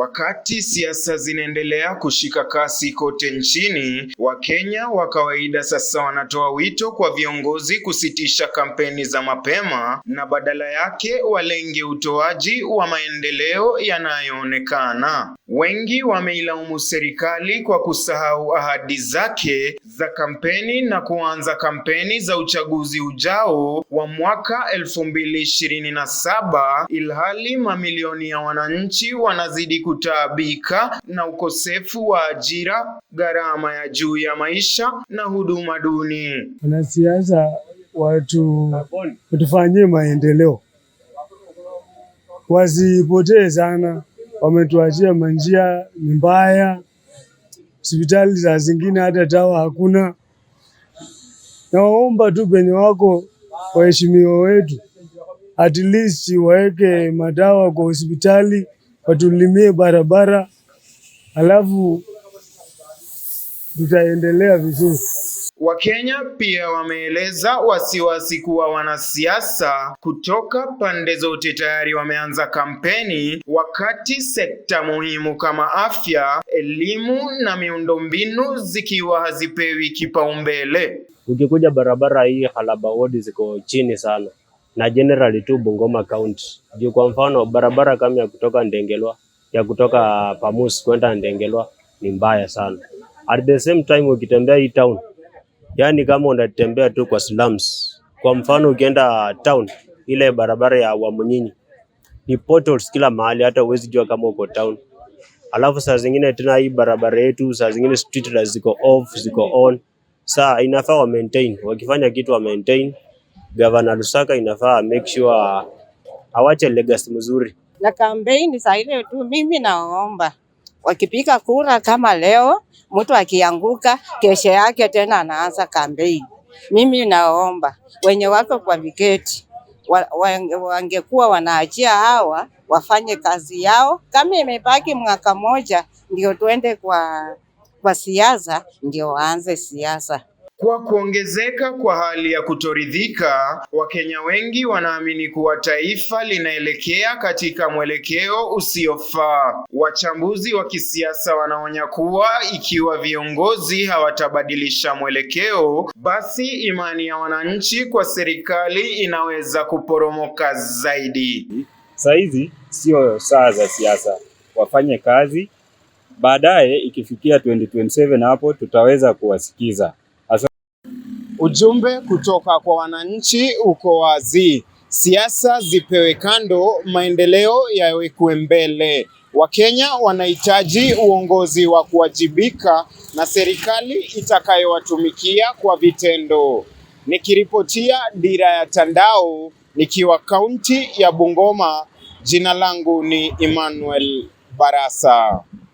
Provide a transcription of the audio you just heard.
Wakati siasa zinaendelea kushika kasi kote nchini, Wakenya wa kawaida sasa wanatoa wito kwa viongozi kusitisha kampeni za mapema na badala yake walenge utoaji wa maendeleo yanayoonekana. Wengi wameilaumu serikali kwa kusahau ahadi zake za kampeni na kuanza kampeni za uchaguzi ujao wa mwaka 2027 ilhali mamilioni ya wananchi wanazidi kutaabika na ukosefu wa ajira, gharama ya juu ya maisha na huduma duni. Wanasiasa watu watufanyie maendeleo, wasipotee sana wametuachia manjia ni mbaya, hospitali za zingine hata dawa hakuna. Nawaomba tu penye wako waheshimiwa wetu, at least waweke madawa kwa hospitali, watulimie barabara, alafu tutaendelea vizuri. Wakenya pia wameeleza wasiwasi kuwa wanasiasa kutoka pande zote tayari wameanza kampeni, wakati sekta muhimu kama afya, elimu na miundombinu zikiwa hazipewi kipaumbele. Ukikuja barabara hii Halaba wodi ziko chini sana na generally tu Bungoma County juu, kwa mfano barabara kama ya kutoka Ndengelwa ya kutoka Pamusi kwenda Ndengelwa ni mbaya sana. At the same time ukitembea hii town yaani kama unatembea tu kwa slums. Kwa mfano ukienda town, ile barabara ya Wamunyinyi ni potholes kila mahali, hata uwezi jua kama uko town. Alafu saa zingine tena hii barabara yetu saa zingine street lights ziko off, ziko on. Saa inafaa wa maintain, wakifanya kitu wa maintain. Governor Lusaka inafaa make sure awache legacy mzuri na kampeni saa ile tu, mimi naomba wakipiga kura kama leo, mtu akianguka, kesho yake tena anaanza kampeni. Mimi naomba wenye wako kwa viketi wangekuwa wanaachia hawa wafanye kazi yao. Kama imebaki mwaka moja ndio tuende kwa, kwa siasa, ndio waanze siasa. Kwa kuongezeka kwa hali ya kutoridhika, Wakenya wengi wanaamini kuwa taifa linaelekea katika mwelekeo usiofaa. Wachambuzi wa kisiasa wanaonya kuwa ikiwa viongozi hawatabadilisha mwelekeo, basi imani ya wananchi kwa serikali inaweza kuporomoka zaidi. Saa hizi sio saa za siasa, wafanye kazi. Baadaye ikifikia 2027 hapo tutaweza kuwasikiza. Ujumbe kutoka kwa wananchi uko wazi: siasa zipewe kando, maendeleo yawekwe mbele. Wakenya wanahitaji uongozi wa kuwajibika na serikali itakayowatumikia kwa vitendo. Nikiripotia Dira ya Tandao nikiwa kaunti ya Bungoma, jina langu ni Emmanuel Barasa.